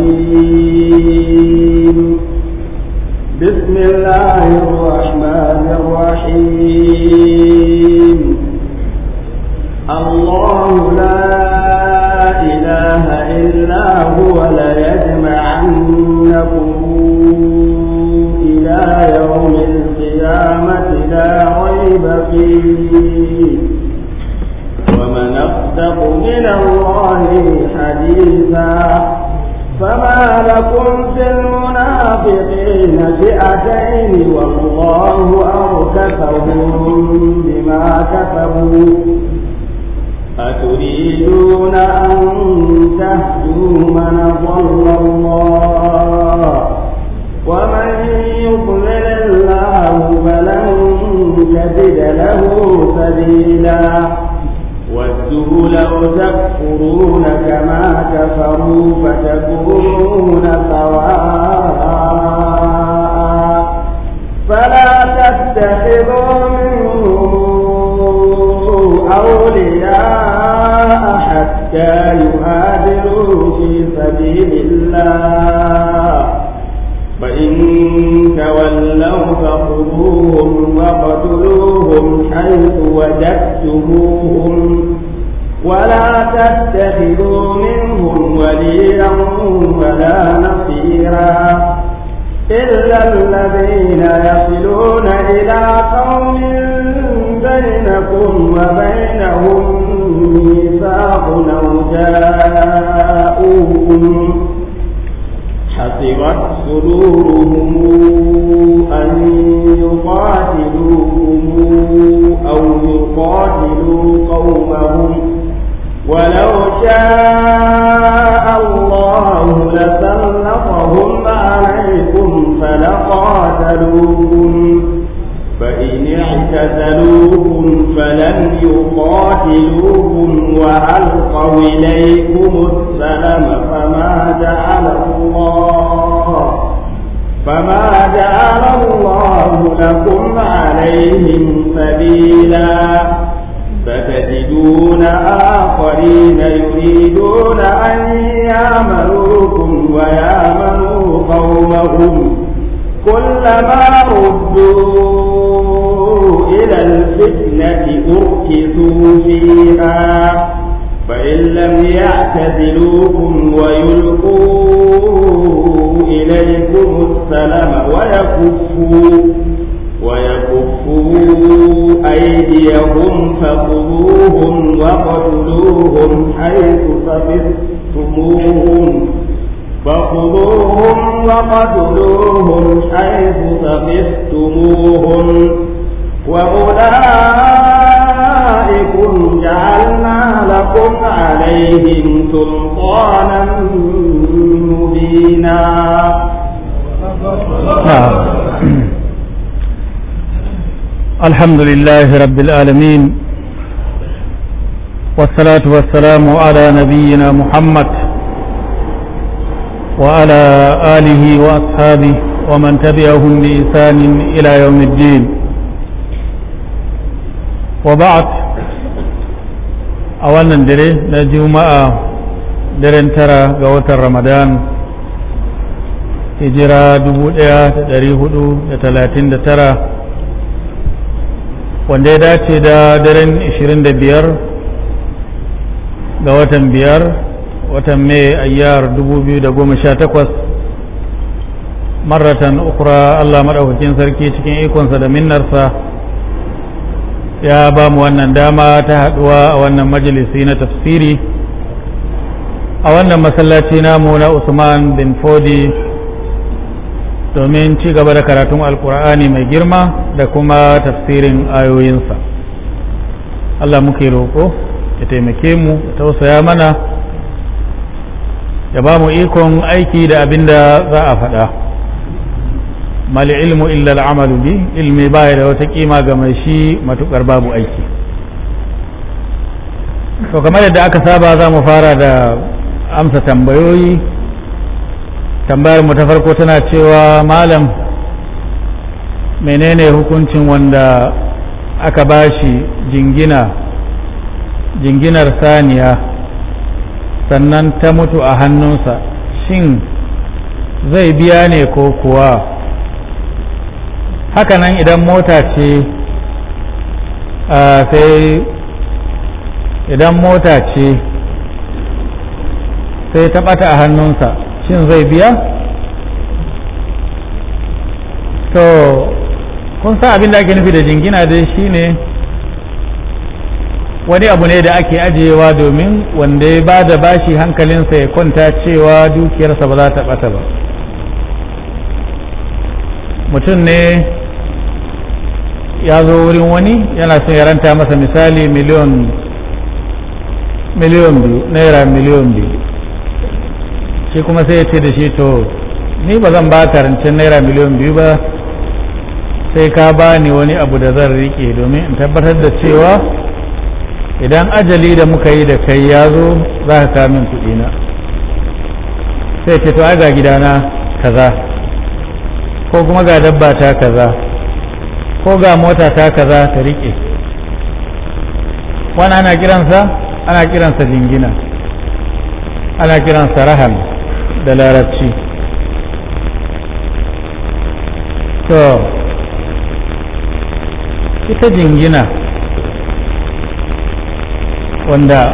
الرحيم بسم الله الرحمن الرحيم يكفرون كما كفروا فتكونون سواء فلا تتخذوا منه أولياء حتى يهاجروا في سبيل الله فإن تولوا فخذوهم وقتلوهم حيث وجدتموهم ولا تتخذوا منهم وليا ولا نصيرا إلا الذين يصلون إلى قوم بينكم وبينهم ميثاق أو جاءوكم حسبت صدورهم أن يقاتلوهم أو يقاتلوا ولو شاء الله لسلطهم عليكم فلقاتلوكم فإن اعتزلوكم فلم يقاتلوكم وألقوا إليكم السلم فما جعل الله فما جعل الله لكم عليهم سبيلا تحبون آخرين يريدون أن يعملوكم ويعملوا قومهم كلما ردوا إلى الفتنة أركثوا فيها فإن لم يعتزلوكم ويلقوا إليكم السلام ويكفوا ويكفوا أيديهم فخذوهم وقتلوهم حيث ثقفتموهم فخذوهم وقتلوهم حيث ثقفتموهم وأولئكم جعلنا لكم عليهم سلطانا مبينا الحمد لله رب العالمين والصلاة والسلام على نبينا محمد وعلى آله وأصحابه ومن تبعهم بإحسان إلى يوم الدين وبعد أولا ندري دري نجمع درين ترى قوة رمضان هجرة دبوء ترى wanda ya dace da daren 25 ga watan biyar watan mai ayyar 2018 maratan ukura allah maɗaukakin sarki cikin ikonsa da minnarsa ya ba mu wannan dama ta haɗuwa a wannan majalisi na tafsiri a wannan masallaci namu na usman bin fodi domin ci gaba da karatun alkur'ani mai girma da kuma tafsirin ayoyinsa Allah muke roƙo ya taimake mu ya tausaya mana ya ba mu ikon aiki da abin da za a faɗa mali ilmu illal al'amalu bi ilmi baya da wata kima ga mai shi matukar babu aiki to kamar yadda aka saba za mu fara da amsa tambayoyi tambayar mu ta farko tana cewa malam menene hukuncin wanda aka bashi jingina jinginar saniya sannan ta mutu a hannunsa shin zai biya ne ko kuwa hakanan idan mota ce sai idan mota ce sai ta bata a hannunsa shin zai biya to kun san abin da ake nufi da jingina dai shine wani abu ne da ake ajiyewa domin wanda ya ba da bashi hankalinsa ya kwanta cewa dukiyarsa ba za ta bata ba mutum ne ya zo wurin wani yana son yaranta masa misali miliyon biyu naira miliyon biyu shi kuma sai ya ce da shi to ni ba zan ba ka rancen naira miliyan biyu ba sai ka ba ni wani abu da zan riƙe domin in tabbatar da cewa idan ajali da muka yi da kai ya zo za ka kuɗi kuɗina sai ce to ai ga gidana kaza ko kuma ga dabba ta kaza ko ga mota ta kaza ta riƙe wani ana kiransa ana kiransa jingina ana kiransa rahama da larabci to ita jingina wanda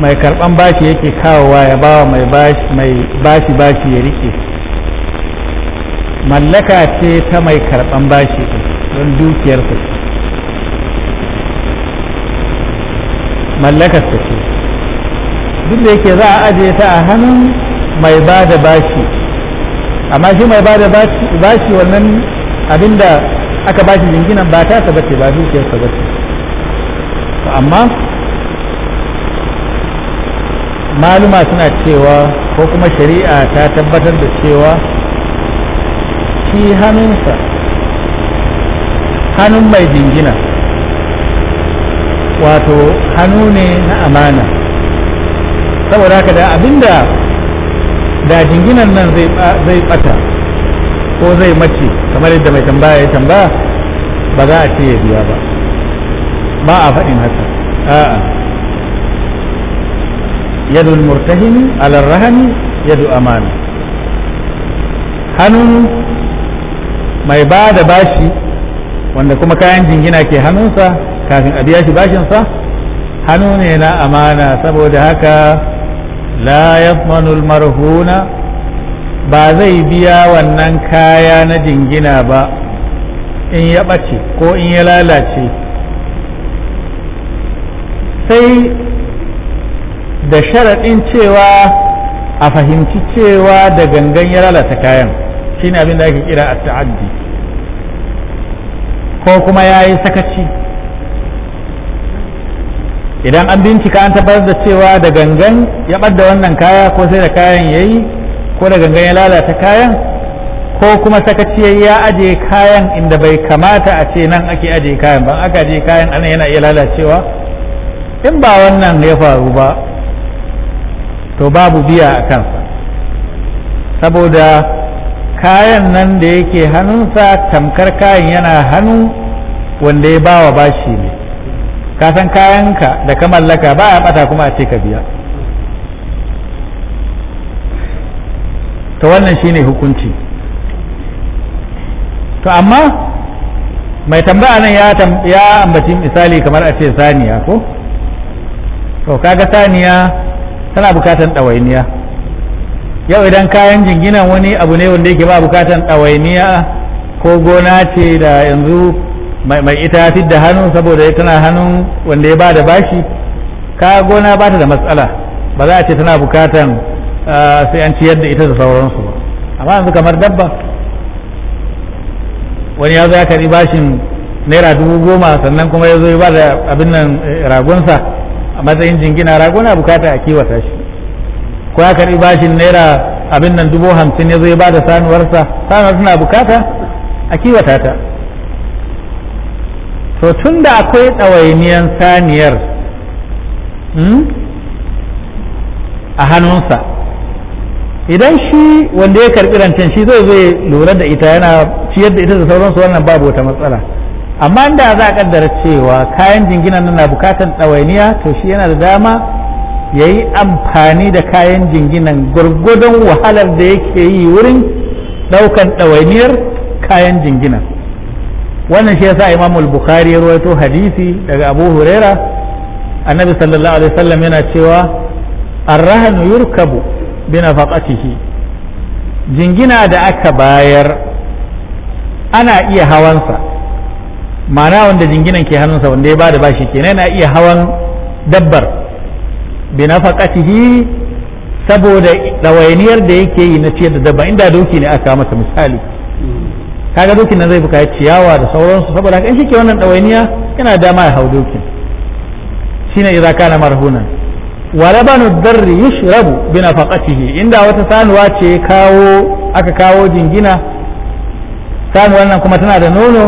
mai karban bashi yake kawowa ya bawa mai bashi bashi ya rike mallaka ce ta mai karban bashi don dukiyarsa ta ce duk da yake za a ajiye ta a hannun mai ba da bashi amma shi mai ba da bashi wannan abinda aka ba shi jinginan ba ta sabace ba dukiyarsa ba amma maluma suna cewa ko kuma shari'a ta tabbatar da cewa shi hannunsa hannun mai jingina wato hannu ne na amana saboda haka da abinda da jinginan nan zai bata ko zai mace kamar yadda mai tambaya ya tambaya ba za a ce ya biya ba ba a faɗin haka a'a yadul murtahini alar rahani yadu amana hannun mai ba da bashi wanda kuma kayan jingina ke hannunsa kafin a biya shi bashinsa hannu ne na amana saboda haka la yasmanul marhuna ba zai biya wannan kaya na dingina ba in ya ɓace ko in ya lalace sai da sharaɗin cewa a fahimci cewa da gangan ya lalata kayan shine abin da ake kira a ta'addi ko kuma ya yi sakaci idan an bincika an tabbatar da cewa da gangan ya ɓadda wannan kaya ko sai da kayan ya yi ko da gangan ya lalata kayan ko kuma sakaci ya aje kayan inda bai kamata a ce nan ake aje kayan ba aka aje kayan ana yana iya lalacewa in ba wannan ya faru ba to babu biya a kan saboda kayan nan da yake hannunsa tamkar kayan yana hannu wanda ya bawa bashi ne ka san kayanka da ka mallaka ba a bata kuma a ce ka biya to wannan shine hukunci to amma mai tambaya nan ya ambaci misali kamar a ce saniya ko to kaga saniya tana bukatan ɗawainiya yau idan kayan jinginan wani abu ne wanda yake ba bukatan ɗawainiya ko gona ce da yanzu mai ita ya fidda hannu saboda tana hannun wanda ya bada bashi ka gona ba ta da matsala ba za a ce tana bukatan sai an ciyar da ita da sauransu ba amma yanzu kamar dabba wani ya zo ya karɓi bashin naira dubu goma sannan kuma ya zo ya ba da abin nan eh, ragunsa a matsayin jingina raguna bukata a kiwata shi ko ya karɓi bashin naira abin nan dubu hamsin ya zo ya ba da sanuwarsa sanuwar suna bukata a kiwata ta to tun da akwai ɗawainiyan saniyar hmm, a hannunsa idan shi wanda ya karɓi rancen shi zai zai lura da ita yana ciyar da ita da sauransu wannan babu wata matsala amma da za a kaddara cewa kayan jinginan nan na bukatan ɗawainiya to shi yana da dama ya yi amfani da kayan jinginan gwargwadon wahalar da yake yi wurin ɗaukan ɗawainiyar kayan jinginan wannan shi yasa Imam al-Bukhari ya rawaito hadisi daga Abu Huraira annabi sallallahu alaihi wasallam yana cewa ar rahn yurkabu bi nafaqatihi jingina da aka bayar ana iya hawansa ma'ana wanda jinginan ke hannunsa wanda ya bada bashi kenan yana iya hawan dabbar bi nafaqatihi saboda ɗawainiyar da yake yi na ciyar da dabba inda doki ne aka masa misali kaga dokin nan zai buƙaci ciyawa da sauransu saboda haka in shi ke wannan ɗawainiya yana dama ya hau dokin shine idza kana marhunan wa labanu darri yushrabu bi nafaqatihi inda wata sanuwa ce kawo aka kawo jingina sanuwar nan kuma tana da nono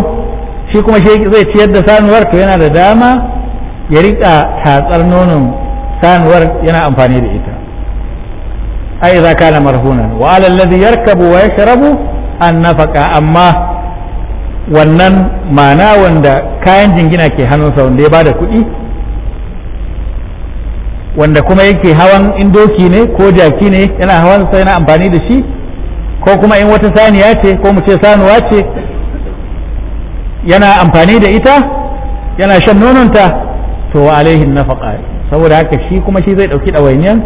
shi kuma shi zai ciyar da sanuwar to yana da dama ya rika tatsar nonon sanuwar yana amfani da ita ai idza kana marhunan wa alal ladhi yarkabu wa yashrabu an nafaka amma wannan mana wanda kayan jingina ke hannunsa wanda ya bada kuɗi wanda kuma yake hawan indoki ne ko jaki ne yana hawan sa yana amfani da shi ko kuma in wata saniya ce ko mu ce sanuwa ce yana amfani da ita yana shan nononta to alaihin nafaka saboda haka shi kuma shi zai ɗauki ɗawainiyan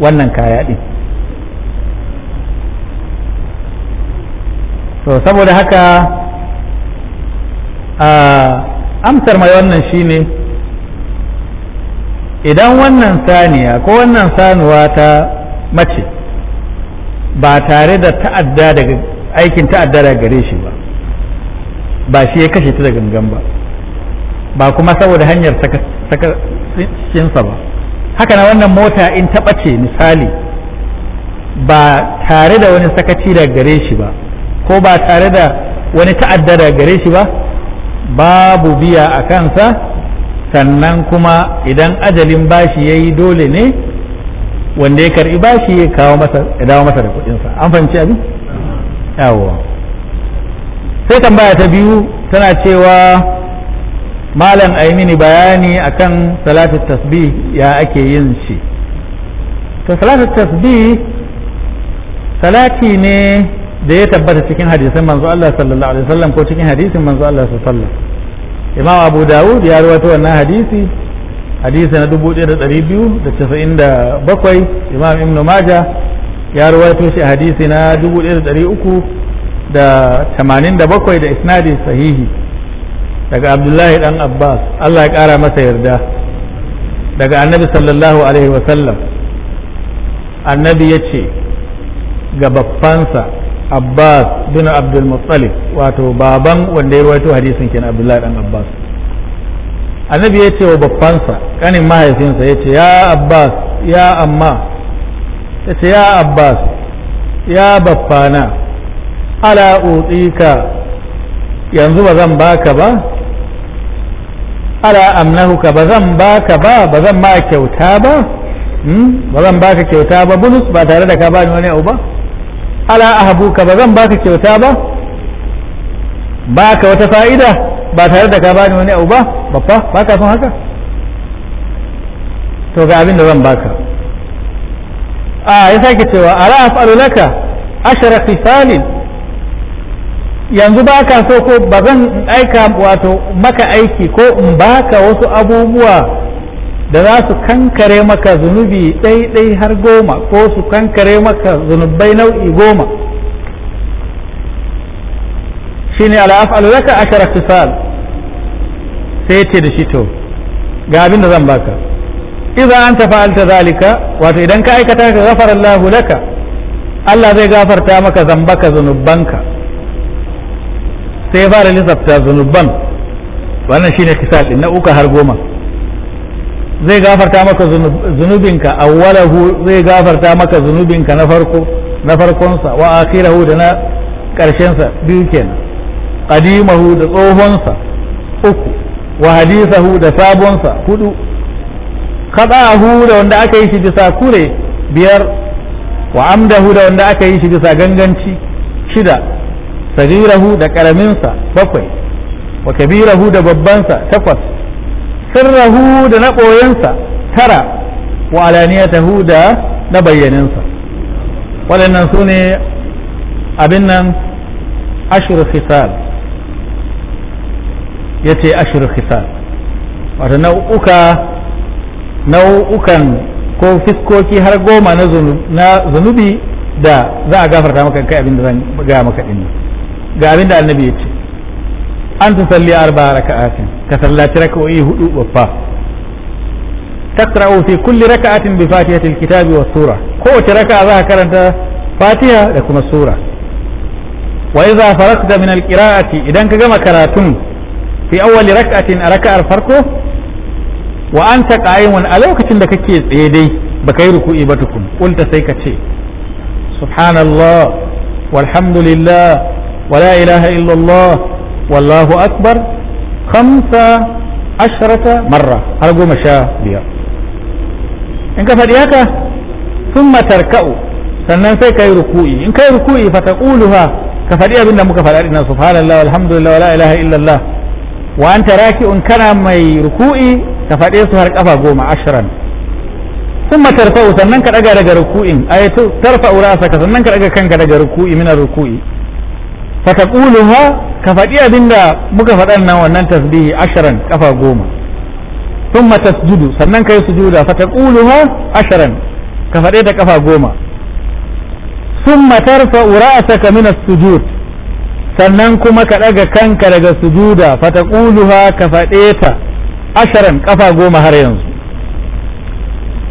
wannan kaya ɗin to saboda haka amsar mai wannan shine idan wannan saniya ko wannan sanuwa ta mace ba tare da ta'adda daga aikin ta'adda daga gare shi ba ba shi ya kashe ta da gangan ba ba kuma saboda hanyar sakacinsa ba haka na wannan mota in ta ɓace misali ba tare da wani sakaci daga gare shi ba ko ba tare da wani ta'addada gare shi ba babu biya a kansa sannan kuma idan ajalin bashi ya yi dole ne wanda ya karɓi bashi ya kawo masa ya dawo masa da kuɗinsa an fahimci abin yawo sai tambaya ta biyu tana cewa malam a mini bayani akan salatu tasbih ya ake yin shi to salatu tasbih salati ne da ya tabbata cikin hadisin manzo Allah sallallahu alaihi wasallam ko cikin hadisin manzo Allah sallallahu alaihi wasallam Imam Abu Dawud ya rawaito wannan hadisi hadisi na 1297 Imam Ibn Majah ya rawaito shi hadisi na 1387 da da isnadi sahihi daga Abdullahi dan Abbas Allah ya kara masa yarda daga Annabi sallallahu alaihi wasallam Annabi ya ce ga babbansa abbas bin abdul muttalib wato baban wanda ya rawaito hadisin kenan abdullahi dan abbas annabi ya ce wa babbansa kanin mahaifinsa ya ce ya abbas ya amma ya ce ya abbas ya babbana ala utika yanzu ba zan baka ba ala amnahuka ba zan baka ba ba zan ma kyauta ba hmm? ba zan baka kyauta ba bulus ba tare da ka bani wani abu ba ala ahabuka ba zan baka kyauta ba baka wata fa'ida ba tare da ka bani wani abu ba babba ba ka son haka to ga abin da zan baka a ya sake cewa ala af'alu laka ashara fisalin yanzu ba ka so ko ba zan aika wato maka aiki ko in baka wasu abubuwa da za su kankare maka zunubi ɗai har goma ko su kankare maka zunubai nau'i goma shi ne al'af'al laka ashara fisal sai ce da shi to ga abin da zan baka idan an alta zalika wato idan ka aikata ka gafara Allah laka Allah zai gafarta maka zambaka zunubanka sai fara lissafta zunuban wannan shine kisal din na uka har goma zai gafarta maka zunubinka awwalahu zai gafarta maka zunubinka na farko na farkonsa wa akhirahu da na karshensa biyu kenan qadimahu da tsohonsa uku wa hadithahu da sabonsa hudu khata'ahu da wanda aka yi shi bisa kure biyar wa amdahu da wanda aka yi shi bisa ganganci shida sagirahu da karaminsa bakwai wa kabirahu da babbansa takwas sirrahu da na ɓoyensa tara wa alaniyatahu da na bayyaninsa waɗannan su ne abin nan ashir khisal ya ce ashir khisal wata nau'uka nau'ukan ko fiskoki har goma na zunubi da za a gafarta maka kai abin da zan ga maka ɗin ga abin da annabi ya ce an ta salli arba hudu babba takra'u fi kulli raka'atin bi fatihati alkitabi wa sura ko ta raka'a za karanta fatiha da kuma sura wai idza faraqta min alqira'ati idan ka gama karatun fi awwali raka'atin a raka'ar farko wa anta qa'imun a lokacin da kake tsaye dai baka yi ruku'i ba tukun kunta sai ka ce subhanallah walhamdulillah wa la ilaha wallahu akbar khamsa ashrata marra har goma sha biyar in ka faɗi haka sun matarka'u sannan sai kai ruku'i in kai ruku'i fa taquluha ka faɗi abin muka faɗa dinnan subhanallah walhamdulillah wala ilaha illallah wa anta raki'un kana mai ruku'i ka faɗe su har kafa goma ashiran ثم sannan ka كدغا daga ruku'in ayatu tarfa'u ra'saka sannan ka daga kanka daga ruku'i min ruku'i fataquluha ka faɗi abinda muka faɗan nan wannan tasbihi asharan kafa goma thumma tasjudu sannan kai sujuda fataquluha asharan ka faɗe ta kafa goma thumma tarfa ra'saka min as-sujud sannan kuma ka ɗaga kanka daga sujuda fataquluha ka faɗe ta asharan kafa goma har yanzu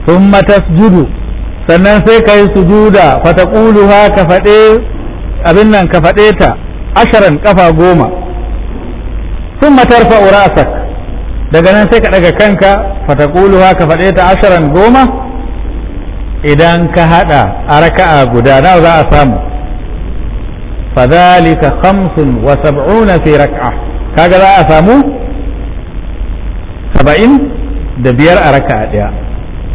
thumma tasjudu sannan sai ka yi sujuda fataquluha ka faɗe abin nan ka faɗe ta asharan kafa goma sun matar matarfa urasak daga nan sai ka daga kanka fatakulu haka faɗe ta asharan goma idan ka haɗa a raka'a guda nawa za a samu fadhalika khamsun wa sab'una fi raka'a kaga za a samu saba'in da biyar a raka'a ɗaya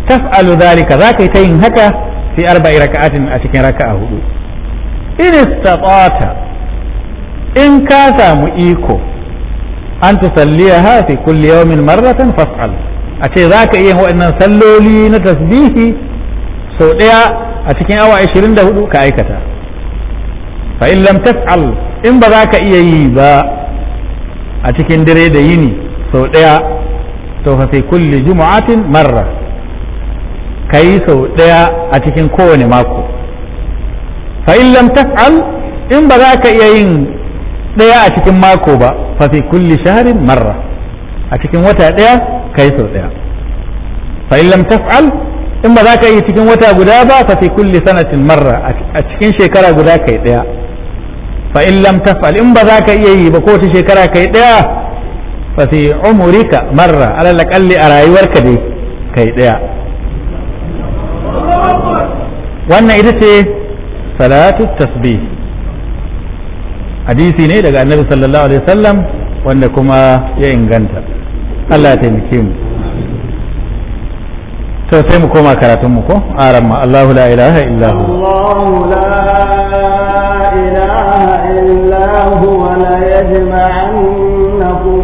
taf'alu dhalika za ka yi ta yin haka fi arba'i raka'atin a cikin raka'a hudu in istata in ka samu iko an tusalliya ha fi kulli yawmin marratan fas'al a ce za ka iya waɗannan salloli na tasbihi sau ɗaya a cikin awa 24 ka aikata fa in lam tas'al in ba za ka iya yi ba a cikin dire da yini sau ɗaya to fa fi kulli jumu'atin marra ka yi sau ɗaya a cikin kowane mako fa in lam tas'al in ba za ka iya yin ɗaya a cikin mako ba fa fi kulli shahrin marra a cikin wata ɗaya kai sau ɗaya fa in lam taf'al in ba za ka yi cikin wata guda ba fa fi kulli sanatin marra a cikin shekara guda kai ɗaya fa in lam taf'al in ba za ka iya yi ba ko wata shekara kai ɗaya fa fi umurika marra alal aqalli a rayuwarka dai kai ɗaya wannan ita ce salatu tasbih hadisi ne daga annabi sallallahu alaihi wasallam wanda kuma ya inganta Allah ya taimake mu to sai mu koma karatun mu ko aran ma Allahu la ilaha illa hu Allahu la ilaha illa hu wa la yajma'annakum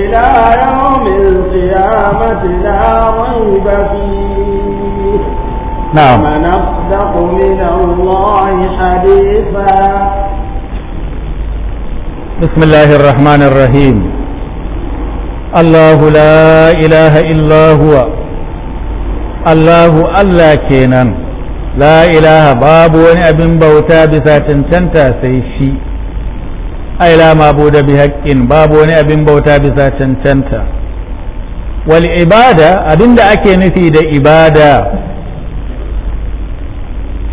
ila yawmil qiyamati la rayba fi na'am man afdaqu min Allah hadithan بسم الله الرحمن الرحيم الله لا إله إلا هو الله ألا كينان لا إله باب وني أبن بوتا بسات تنتا سيشي أي لا معبود بحق باب وني أبن بوتا بسات تنتا والعبادة أبن دا أكي نفي دا إبادة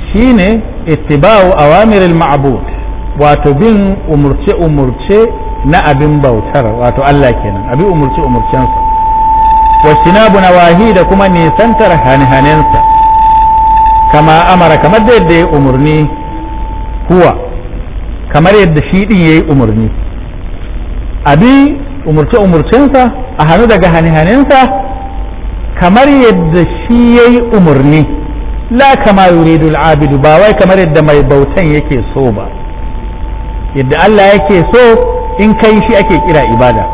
shine ittiba'u awamir al-ma'bud wato bin umurce-umurce na abin bautar wato Allah kenan abin umurce-umurcensa na nawahi da kuma nisantar hane-hanensa kama amara kamar da yadda ya umarni huwa kamar yadda shi din ya yi umarni abi umurce-umurcensa a hannu daga hanhanensa kamar yadda shi ya yi umarni la kama yuridul abidu ba wai kamar yadda mai bautan yake so ba yadda Allah yake so in kai shi ake kira ibada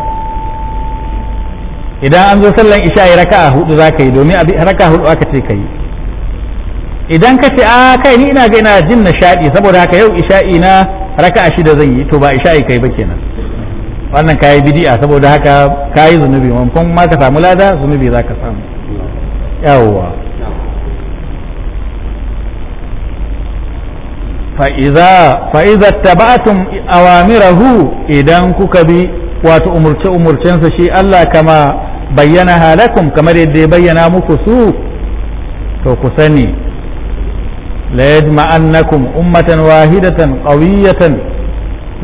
idan an zo sallan isha'i raka'a hudu za ka yi domin raka'a hudu aka ce ka yi idan ka ce a kai ni ina ga ina jin nishadi saboda haka yau isha'i na raka'a shida zan yi to ba isha'i kai ba kenan wannan kayi bidi'a saboda haka kayi zunubi maimakon ma ka samu lada zunubi za ka samu yawwa fa'iza fa'iza tabatum awamirahu idan kuka bi wato umurce umurcensa shi Allah kama bayyana halakum kamar yadda ya bayyana muku su to ku sani la yajma'annakum ummatan wahidatan qawiyatan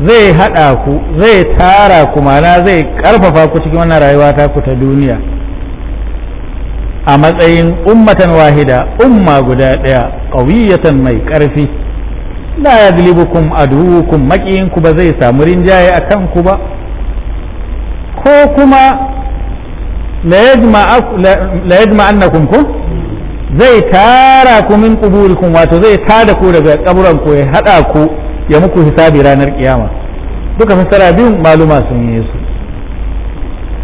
zai hada ku zai tara ku mana zai karfafa ku cikin wannan rayuwa ta ku ta duniya a matsayin ummatan wahida umma guda daya qawiyatan mai karfi la yaglibukum aduwukum ku ba zai samu rinjaye a kanku ba ko kuma la yajma annakum ku zai tara ku min quburikum wato zai tada ku daga kaburan ku ya hada ku ya muku hisabi ranar kiyama duka fasara biyun maluma sun yi su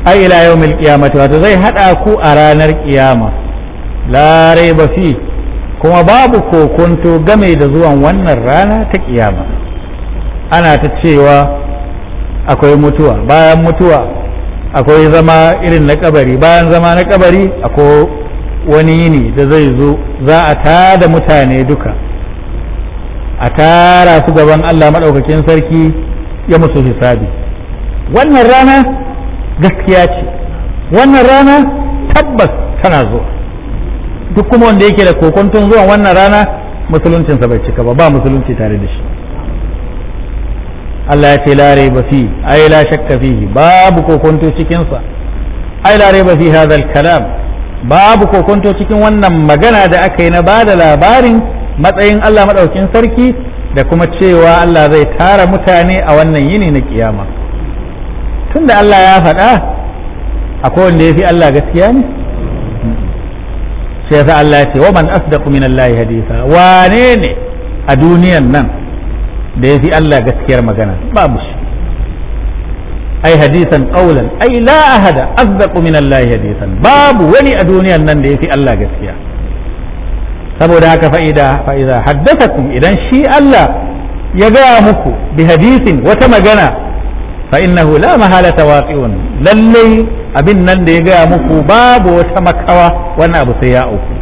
ai ila yawmil qiyamati wato zai hada ku a ranar kiyama la raiba fi kuma babu kokonto game da zuwan wannan rana ta kiyama ana ta cewa akwai mutuwa bayan mutuwa akwai zama irin na kabari bayan zama na kabari akwai wani yini da zai zo za a tada mutane duka a tara su gaban Allah maɗaukakin sarki ya musu hisabi wannan rana gaskiya ce wannan rana tabbas tana zuwa duk kuma wanda yake da kokonton zuwan wannan rana musuluncinsa bai cika ba ba musulunci tare da shi Allah ya ce la raiba fi ai la shakka fihi babu kokonto cikin sa ai la raiba fi hadha kalam babu kokonto cikin wannan magana da aka yi na bada labarin matsayin Allah madaukin sarki da kuma cewa Allah zai tara mutane a wannan yini na kiyama tunda Allah ya faɗa akwai wanda ya fi Allah gaskiya ne sai yasa Allah ya ce wa man asdaqu min Allah haditha wane ne a duniyan nan da yafi Allah gaskiyar magana babu shi ai hadisan qawlan ai la ahada asdaqu min Allah hadisan, babu wani a duniyan nan da yafi Allah gaskiya saboda haka fa'ida fa'iza haddathakum idan shi Allah ya gaya muku bi hadisin wata magana fa innahu la mahalata waqi'un lallai abin nan da ya gaya muku babu wata makawa wannan abu sai ya auku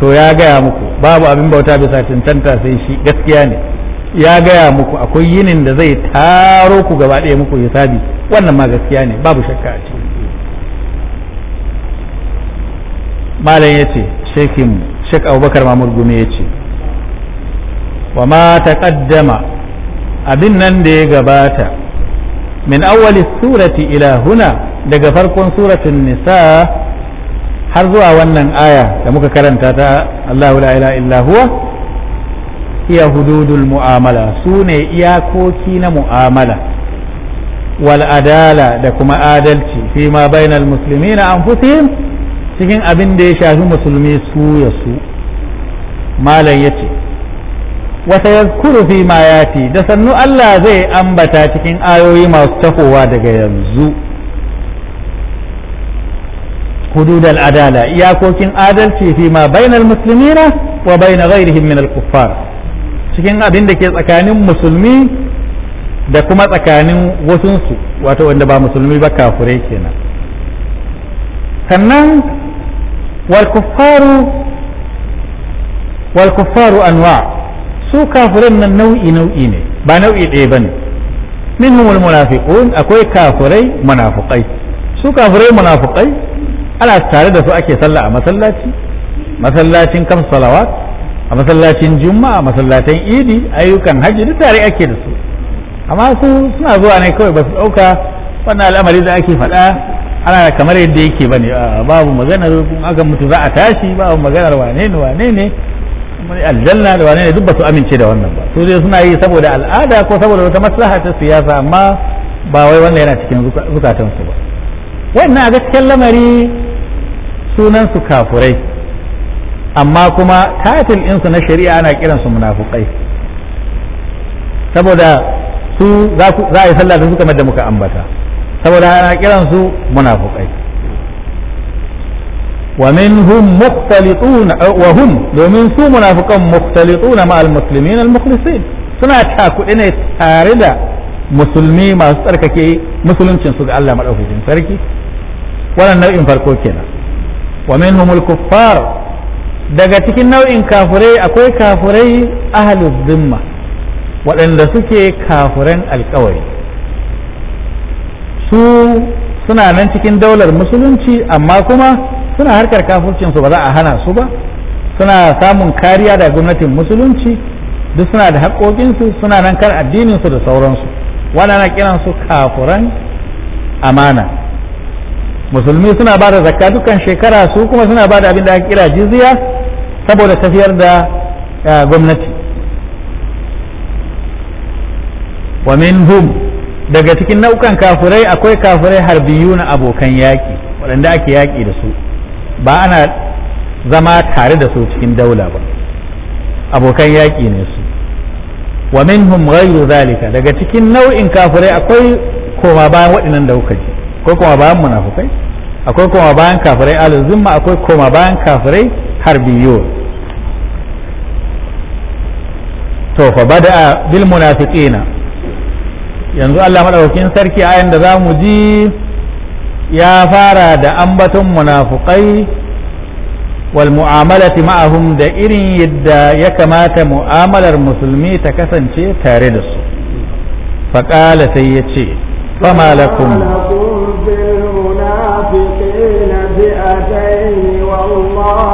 to ya gaya muku babu abin bauta bisa cancanta sai shi gaskiya ne ya gaya muku akwai yinin da zai taro ku gaba ɗaya muku hisabi wannan ma gaskiya ne babu shakka a ciki malam ya shekin shek abubakar mamur Gumi ya ce wa ma taqaddama abin nan da ya gabata min awwali surati ila huna daga farkon suratun nisa har zuwa wannan aya da muka karanta ta Allahu la ilaha illa huwa iya hududul mu'amala su ne iyakoki na mu'amala wal adala da kuma adalci fi ma bainal muslimina anfusihim cikin abin da ya shafi musulmi su ya su malam yace wata yadkuru fi ma yati da sannu Allah zai ambata cikin ayoyi masu tafowa daga yanzu hudud al-adala iyakokin adalci fi ma bainal muslimina wa bain ghairihim min al cikin abin da ke tsakanin musulmi da kuma tsakanin wasunsu wato wanda ba musulmi ba kafurai kenan sannan wal kuffaru wal kuffaru anwa' su kafirin nan nau'i nau'i ne ba nau'i ɗaya ba ne minhum almunafiqun akwai kafirai munafiqai su kafirai munafiqai ana tare da su ake sallah a masallaci masallacin kam salawat a masallacin juma'a masallacin idi ayyukan hajji duk tare ake da su amma su suna zuwa ne kawai ba su ɗauka wannan al'amari da ake faɗa ana kamar yadda yake bane babu maganar aka mutu za a tashi babu maganar wane ne wane ne aljanna da wane ne duk ba su amince da wannan ba su dai suna yi saboda al'ada ko saboda wata maslaha ta siyasa amma ba wai wannan yana cikin zukatansu ba wannan a gaskiyar lamari sunansu kafurai amma kuma tatil ɗinsu na shari'a ana kiransu munafukai saboda su za a yi sallah da su kamar da muka ambata saboda ana kiransu munafukai wa minhum mukhtalitun wa hum domin su munafukan mukhtalitun ma al-muslimin al-mukhlisin suna takuɗe ne tare da musulmi masu tsarkake musuluncin ga Allah madaukakin sarki nau'in farko kenan wa minhumul kuffar daga cikin nau'in kafurai akwai kafurai ahalus zimma waɗanda suke kafuran alkawari su suna nan cikin daular musulunci amma kuma suna harkar kafurcinsu ba za a hana su ba suna samun kariya da gwamnatin musulunci duk suna da haƙoƙinsu suna nan kan addininsu da sauransu kiran kiransu kafuran amana musulmi suna ba da zakka dukkan shekara su kuma suna ba da abin da aka kira jizya saboda tafiyar da eh, gwamnati wa minhum daga cikin nau'ukan kafurai akwai kafirai harbiyu na abokan yaƙi waɗanda ake yaƙi da su ba ana zama tare da su cikin daula ba abokan yaƙi ne su wa minhum ghayru zalika daga cikin nau'in kafurai akwai koma bayan waɗannan da kuka ji akwai kuma bayan munafukai akwai kuma bayan kafirai alin zimma akwai kuma bayan kafirai harbiyo to fa bada bil munafiqina yanzu Allah madaukakin sarki ayan da zamu ji ya fara da ambaton munafukai wal mu'amalati ma'ahum da irin yadda ya kamata mu'amalar musulmi ta kasance tare da su Faƙala sai yace fama lakum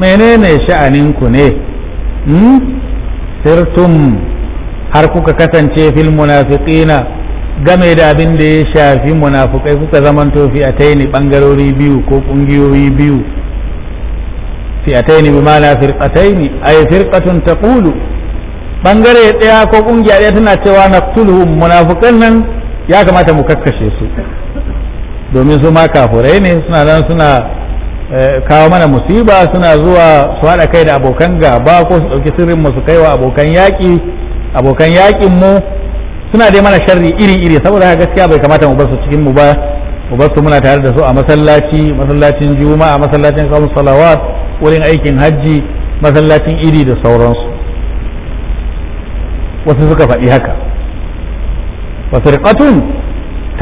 menene sha'aninku ne hmm? sirtum har kuka kasance fil munafiqina game da abin da ya shafi munafukai kuka zamanto fi'ataini bangarori biyu ko kungiyoyi biyu fi'ataini bi ma'ana firqataini ay firqatun taqulu bangare daya ko kungiya daya tana cewa naqtuluhum munafukan nan ya kamata mu kakkashe su domin su ma kafurai ne suna nan suna Eh, kawo mana musiba suna zuwa su haɗa kai da abokan gaba ko su ɗauki sirrinmu su kai wa abokan yaƙi abokan yaƙin mu suna dai mana sharri iri-iri saboda haka gaskiya bai kamata mu bar su cikin mu ba mu bar su muna tare da su a masallaci masallacin juma'a masallacin kawun salawat wurin aikin hajji masallacin iri da sauransu wasu suka faɗi haka wasu riƙatun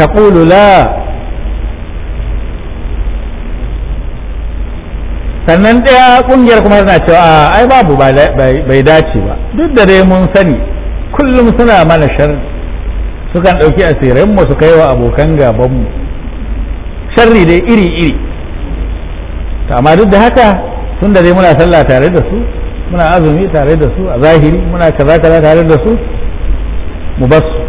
taqulu la sannan ɗaya ƙungiyar kuma suna cewa a ai babu bai dace ba duk da dai mun sani kullum suna mana sharri sukan ɗauki asirin mu su kai wa abokan gabanmu sharri dai iri-iri amma duk da haka tun da dai muna sallah tare da su muna azumi tare da su a zahiri muna kaza kaza tare da su mu bar su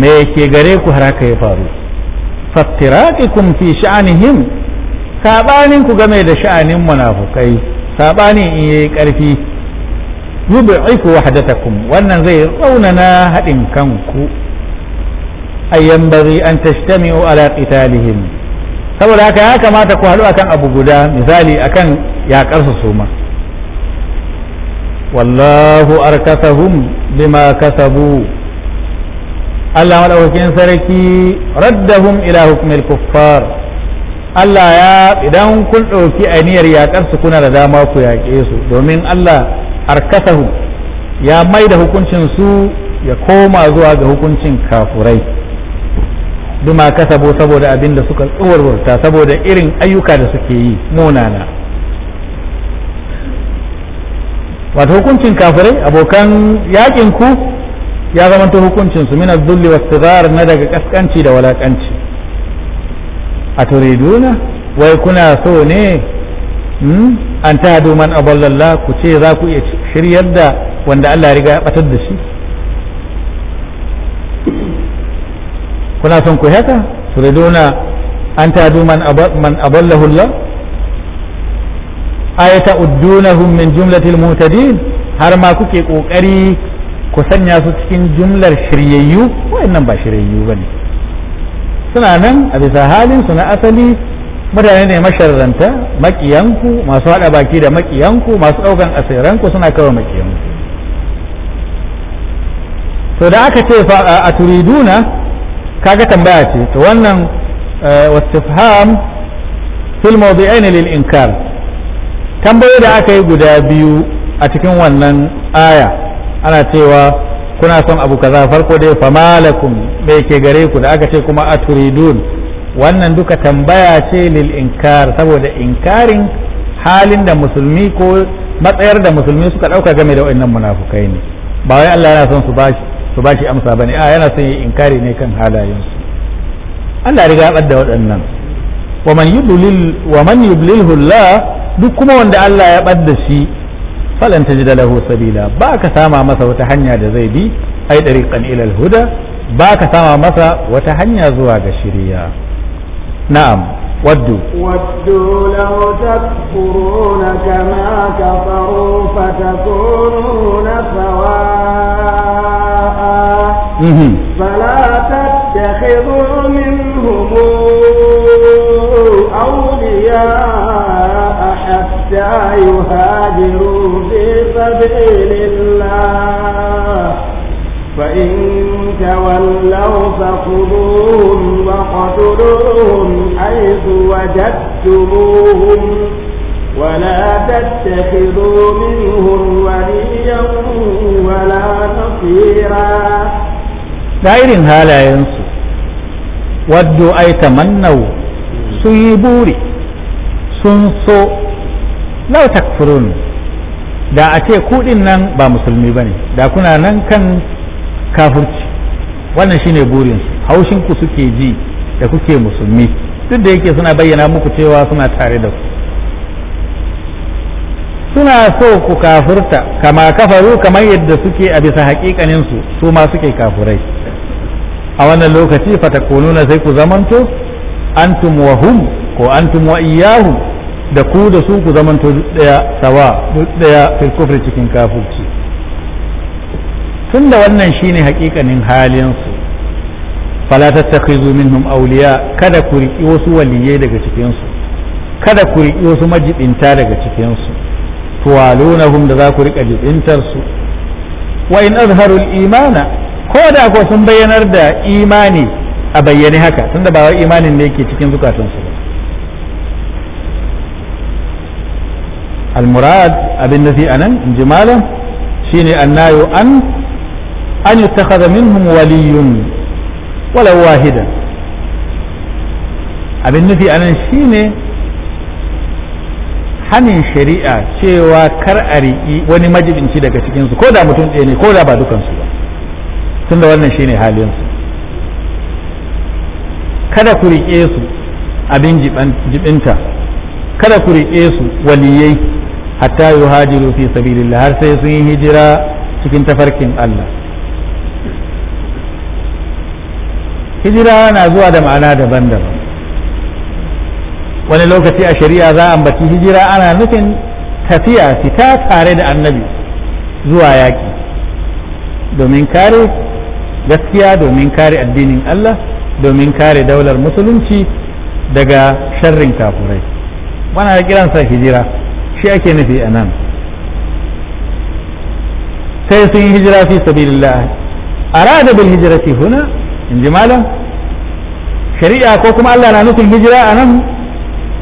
me ke gare ku har haka ya faru fattiraqikum fi sha'anihim sabanin ku game da sha'anin munafukai sabanin in yayi karfi yub'iku wahdatakum wannan zai raunana haɗin kanku ayyan bari an tajtami'u ala qitalihim saboda haka ya kamata ku haɗu akan abu guda misali akan ya su suma wallahu arkasahum bima kasabu Allah madaukakin sarki raddahum ila hukmil kuffar Allah ya idan kun ɗauki ainiyar yaƙar kuna da dama ku yaƙe domin Allah arkatahu ya mai da hukuncin su ya koma zuwa ga hukuncin kafurai duma kasabo saboda abin suka tsuwarwarta saboda irin ayyuka da suke yi munana wato hukuncin kafurai abokan yaƙin ku ya zama ta hukuncin su min az-zulli was-sighar na daga kaskanci da walakanci a turiduna wai kuna so ne an ta man aballalla ku ce za ku iya shiryar da wanda Allah ya riga ya batar da shi kuna son ku haka turiduna an ta man man aballahu Allah ayata uddunahum min jumlatil mutadin har ma kuke kokari ku sanya su cikin jumlar shiryayyu wa'annan ba shiryayyu ba ne suna nan a bisa halin su na asali mutane ne masharranta makiyanku masu haɗa baki da makiyanku masu ɗaukan asiranku suna kawai makiyanku to da aka ce a turiduna kaga tambaya ce to wannan eh, wastifham fil mawdi'ain lil inkar tambayoyi da aka yi guda biyu a cikin wannan aya ana cewa kuna son abu kaza farko dai famalakum me ke gare ku da aka ce kuma aturidun wannan duka tambaya ce lil inkar saboda inkarin halin da musulmi ko matsayar da musulmi suka dauka game da wayannan munafukai ne ba wai Allah yana son su bashi su bashi amsa bane a yana son yi inkari ne kan su. Allah riga ya da waɗannan wa man yublil wa man Allah duk kuma wanda Allah ya ɓadda shi falan tajida lahu sabila ba ka sama masa wata hanya da zai bi ai ɗariƙan ilal huda ba ka sama masa wata hanya zuwa ga shirya. na'am waddu waddu law takfuruna kama kafaru fatakununa sawaa فلا تتخذوا منهم أولياء حتى يهاجروا في سبيل الله فإن تولوا فخذوهم وقتلوهم حيث وجدتموهم ولا تتخذوا منهم وليا ولا نصيرا دائرين هالا ينسوا ودوا أي تمنوا سيبوري سنصو lau takfurun da a ce kuɗin nan ba musulmi ba ne da kuna nan kan kafirci wannan shine burinsu haushinku suke ji da kuke musulmi duk da yake suna bayyana muku cewa suna tare da ku suna so ku kafurta kama kafaru kamar yadda suke a bisa haƙiƙaninsu su ma suke kafurai a wannan lokaci fatakununa sai ku zamanto antum wa hum ko antum wa iyahum da ku da su ku zamanto duk daya sawa duk daya fil kufri cikin kafirci tunda wannan shine hakikanin halin su fala tattakhizu minhum awliya kada ku riki wasu waliyai daga cikin su kada ku riki wasu majibinta daga cikin su tuwalunahum da za ku rika jibintar su wa in azharu al-imana ko da ko sun bayyanar da imani a bayyane haka tunda ba wai imanin ne yake cikin zukatansu ba المراد أبن نفي أنا جمالا شيني الناي أن أن يتخذ منهم ولي ولو واحدا أبن نفي أنا شيني hanin shari'a cewa kar a riƙi wani majibinci daga cikinsu ko da mutum ɗaya ne ko da ba dukansu ba tunda wannan shine halinsu kada ku riƙe su abin jibinta kada ku riƙe su waliyai hatta yuhajiru fi sabilillah har sai sun yi hijira cikin tafarkin Allah hijira na zuwa da ma'ana daban-daban wani lokaci a shari'a za a ambaci hijira ana nufin tafiya fita tare da annabi zuwa yaƙi domin kare gaskiya domin kare addinin Allah domin kare daular musulunci daga sharrin kafurai wana kiransa hijira shi ake nufi a nan sai sun yi hijira fi sabilillah arada bil hijrati huna in ji malam shari'a ko kuma Allah na nufin hijira a nan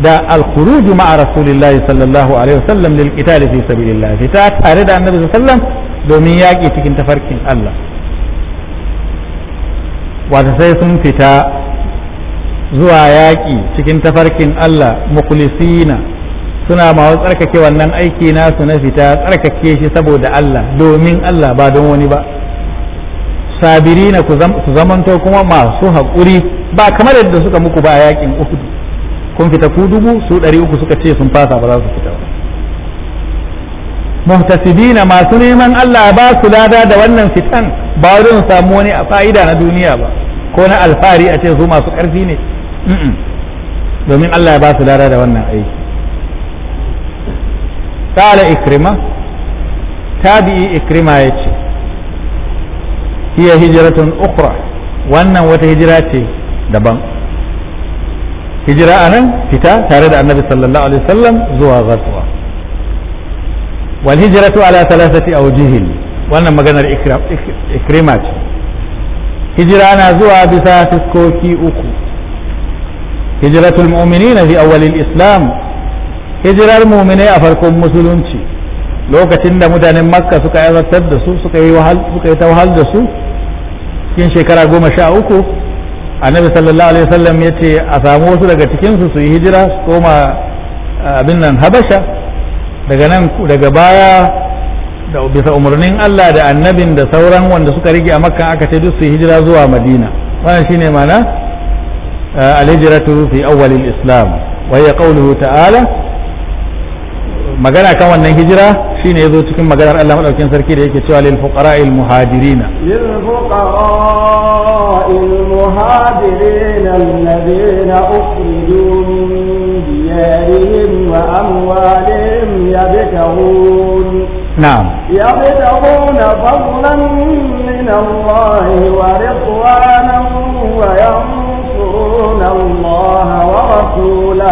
da al-khuruj ma'a rasulillah sallallahu alaihi wasallam lil qital fi sabilillah fita tare da annabi sallallahu alaihi wasallam domin yaki cikin tafarkin Allah wata sai sun fita zuwa yaƙi cikin tafarkin Allah mukhlisina suna ma tsarkake wannan aiki nasu na fita tsarkake shi saboda Allah domin Allah ba don wani ba sabiri na ku zamanto kuma masu haƙuri ba kamar yadda suka muku ba a yakin Uhud kun fita ku dubu su ɗari uku suka ce sun fasa ba za su fita ba muhtasibina masu neman Allah ba su lada da wannan fitan ba wajen samu wani a fa'ida na duniya ba ko na alfari a ce su masu ƙarfi ne domin Allah ya ba su lada da wannan aiki قال إكرمة تابعي إكرمة يتي هي هجرة أخرى وأن وتهجراتي دبان هجرة أنا فتا تارد النبي صلى الله عليه وسلم زوا غزوة والهجرة على ثلاثة أوجه وأن قلنا إكرمة هجرة أنا زوا بثلاثة كوكي أكو هجرة المؤمنين في أول الإسلام hijirar muminai a farkon musulunci lokacin da mutanen makka suka azartar da su suka yi ta wahal da su cikin shekara goma sha uku annabi sallallahu alaihi wasallam ya ce a samu wasu daga cikinsu su yi hijira su koma abin nan habasha daga nan daga baya da bisa umarnin Allah da annabin da sauran wanda suka rige a makka aka ce duk su hijira zuwa madina wannan shine ma'ana al-hijratu fi awwalil islam wa ya qawluhu ta'ala magana kan wannan hijira shine yazo cikin maganar Allah madaukakin sarki da yake cewa lil fuqara'il muhajirina lil fuqara'il muhajirina alladhina ukhriju min diyarihim wa amwalihim yabtaghun na'am yabtaghuna fadlan min Allah wa ridwanan wa yansuruna Allah wa rasulahu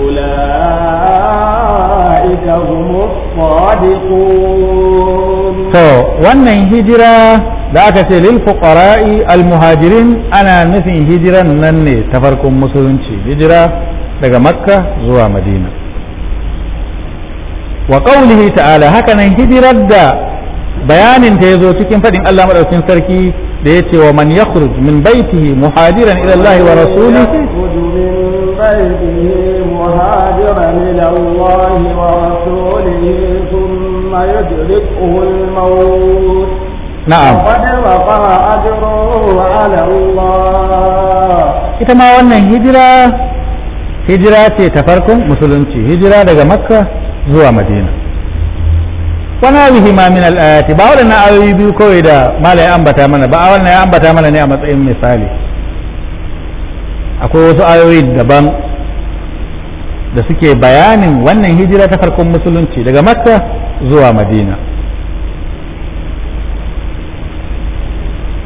أولئك هم الصادقون wannan hijira da aka ce lil fuqara'i al muhajirin ana nufin hijiran nan ne ta farkon musulunci hijira daga makka zuwa madina wa qawlihi ta'ala haka nan hijirar da bayanin ta yazo cikin fadin Allah madaukakin sarki da yace wa man yakhruj min baitihi muhajiran ila Allah wa rasulihi مهاجرا إلى الله ورسوله ثم يدركه الموت نعم وقد وقع أجره على الله إتما وانا هجرة هجرة تفركم مسلمتي هجرة daga مكة zuwa Madina ونهيه ما من الآيات ba da malai ambata mana ba wannan ya ambata mana ne a matsayin misali akwai wasu ayoyi daban da suke bayanin wannan hijira ta farkon musulunci daga makka zuwa madina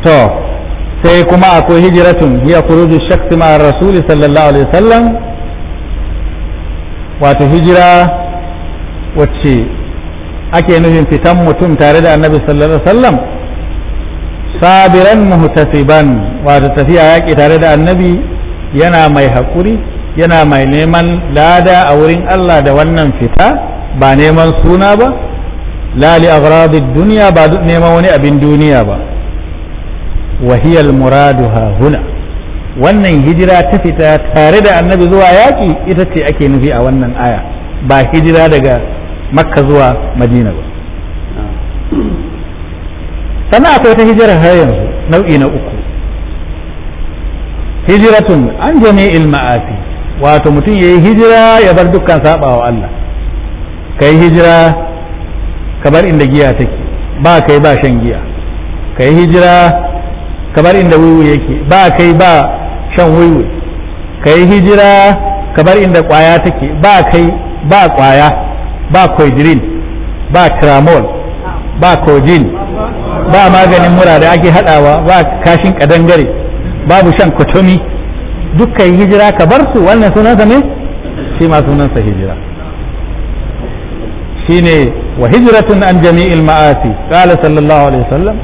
to sai kuma akwai hijiratun hiya kuruju shakhsi ma rasuli sallallahu alaihi wasallam wato hijira wacce ake nufin fitan mutum tare da annabi sallallahu alaihi wasallam sabiran muhtasiban wato tafiya yaki tare da annabi yana mai haƙuri yana mai neman lada a wurin Allah da wannan fita ba neman suna ba lali agradid duniya ba duk neman wani abin duniya ba wahiyal muradu ha huna wannan hijira ta fita tare da annabi zuwa yaƙi ita ce ake nufi a wannan aya ba hijira daga makka zuwa madina ba sannan akwai ta hijirar har yanzu nau'i na uku hijiratun an jami'il ma'afi wato mutum ya yi hijira ya bar dukkan saɓawa Allah ka yi hijira ka bar inda giya take ba kai ba shan giya ka yi hijira ka bar inda wiwu yake ba kai ba shan wiwu ka yi hijira ka bar inda kwaya take ba kai ba kwaya ba kwaidirin ba tramol ba kojin ba maganin mura da ake hadawa ba kashin kadangare babu shan kotomi dukkan hijira ka bar su wannan sunansa ne shi ma sunansa hijira shine wa hijratun an jami'il ma'asi qala sallallahu alaihi wasallam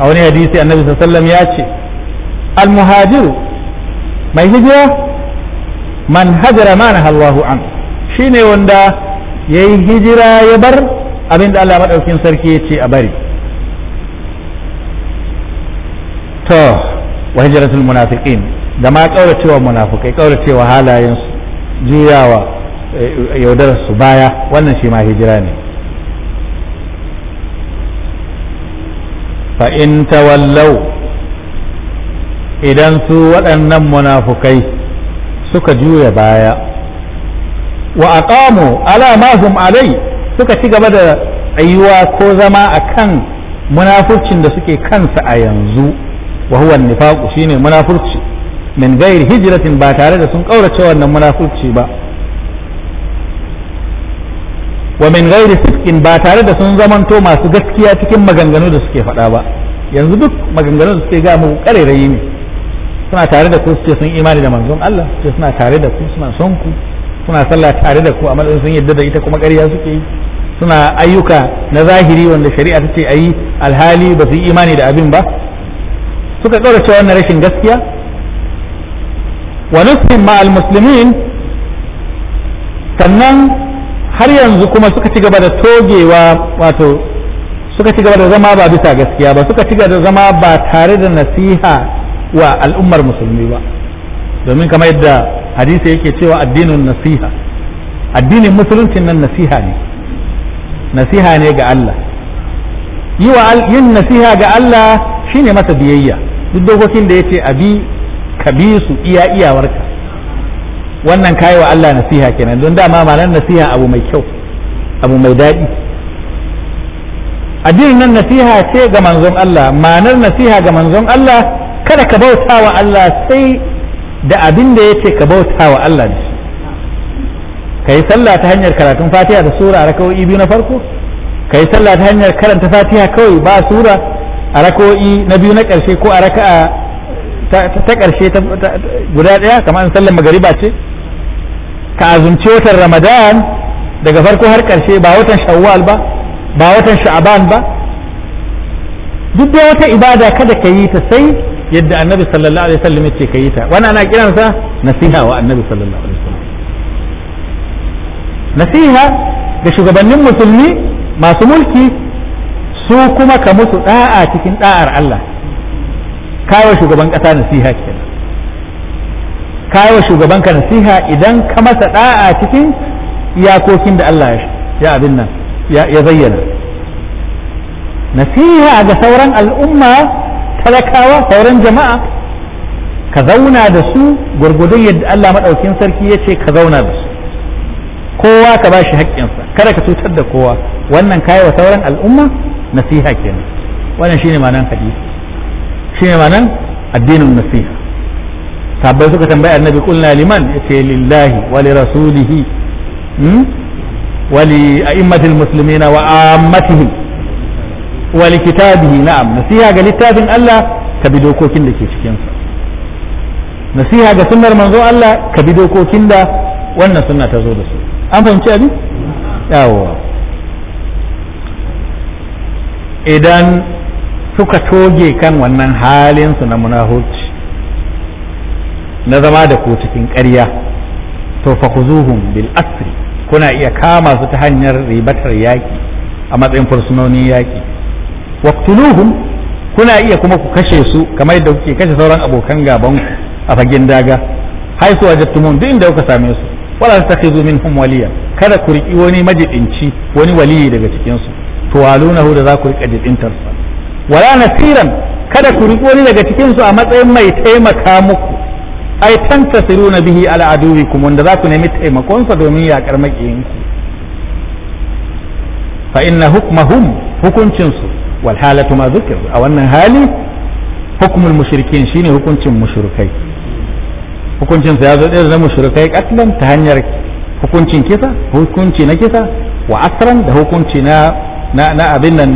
a wani hadisi annabi sallallahu alaihi wasallam ya ce al muhajir mai hijira man hajara ma mana Allahu an shine wanda yayi hijira ya bar abin da Allah madaukin sarki ya ce a bari to wa hijratul munafiqin da ma kauracewa munafukai kauracewa halayensu juyawa eh, yaudararsu baya wannan shi ma hijira ne fa'in tawallau idan su waɗannan munafukai suka juya baya wa aqamu ala ma hum alai suka ci gaba da tsayuwa ko zama a kan munafurcin da suke kansa a yanzu wa huwa nifaqu shine munafurci min gairi hijiratin ba tare da sun ƙaurace wannan munafurci ba wa min gairi sitkin ba tare da sun zamanto masu gaskiya cikin maganganu da suke faɗa ba yanzu duk maganganu da suke ga muku ƙarerayi ne suna tare da ku suke sun imani da manzon Allah suke suna tare da ku suna son ku suna sallah tare da ku amma sun yadda da ita kuma ƙarya suke yi suna ayyuka na zahiri wanda shari'a ta ce a yi alhali ba su yi imani da abin ba suka ƙaurace wannan rashin gaskiya wa nusfin ma'al muslimin sannan har yanzu kuma suka ci gaba da togewa wato suka ci gaba da zama ba bisa gaskiya ba suka ci gaba da zama ba tare da nasiha wa al'ummar musulmi ba domin kamar yadda hadisi yake cewa addinin nasiha addinin musuluncin nan nasiha ne nasiha ne ga Allah yin nasiha ga Allah shine masa biyayya duk dokokin da yace abi ka bi su iya iyawarka wannan kayi wa Allah nasiha kenan don dama malan nasiha abu mai kyau abu mai daɗi addinin nan nasiha ce ga manzon Allah manar nasiha ga manzon Allah kada ka bauta wa Allah sai da abin da ce ka bauta wa Allah da ka yi sallah ta hanyar karatun fatiha da sura a rakawai biyu na farko ka yi sallah ta hanyar karanta fatiha kawai ba sura a rakawai na biyu na ƙarshe ko a raka'a ta ƙarshe guda ɗaya kamar sallar magariba ce ka azumci watan ramadan daga farko har ƙarshe ba watan shawwal ba ba watan sha'aban ba duk da wata ibada kada ka yi ta sai yadda annabi sallallahu alaihi wasallam ce ka yi ta wani ana kiransa nasiha wa annabi sallallahu alaihi wasallam nasiha ga shugabannin musulmi masu mulki su kuma ka musu da'a cikin da'ar Allah kawo shugaban kasa nasiha kenan kawo shugaban ka nasiha idan ka masa da'a cikin iyakokin da Allah ya abin nan ya zayyana nasiha ga sauran al'umma talakawa sauran jama'a ka zauna da su gurgudun yadda Allah maɗaukin sarki ya ce ka zauna da su kowa ka ba shi haƙƙinsa kada ka cutar da kowa wannan kayi wa sauran al'umma nasiha kenan wannan shine ma'anar hadisi shi ne ma nan addinin nasiha sabai suka tambayi annabi kulna liman ya ce lillahi wa li rasulihi hmm? wa li a'immatil muslimina wa ammatihim wa li kitabihi na'am nasiha ga littafin Allah ka bi dokokin da ke cikin sa nasiha ga sunnar manzo Allah ka bi dokokin da wannan sunna ta zo da su an fahimci abin yawo idan suka toge kan wannan halinsu na munahurci na zama da ku cikin ƙarya to fa kuzuhum bil asri kuna iya kama su ta hanyar ribatar yaƙi a matsayin fursunonin yaƙi waqtuluhum kuna iya kuma ku kashe su kamar yadda kuke kashe sauran abokan gaban a fagen daga haisu wajabtumun duk inda kuka same su wala tattakhizu minhum waliya kada ku riƙi wani majidinci wani waliyi daga cikin su tuwalunahu da za ku riƙa jidintarsa wala nasiran kada ku riƙo daga cikin su a matsayin mai taimaka muku ai tantasiruna bihi ala aduwikum wanda za ku nemi taimakon sa domin yaƙar makiyin ku fa inna hukmahum hukuncin su wal halatu ma zikr a wannan hali hukmul mushrikin shine hukuncin mushrikai hukuncin sa ya zo na mushrikai katlan ta hanyar hukuncin kisa hukunci na kisa wa asran da hukunci na na abin nan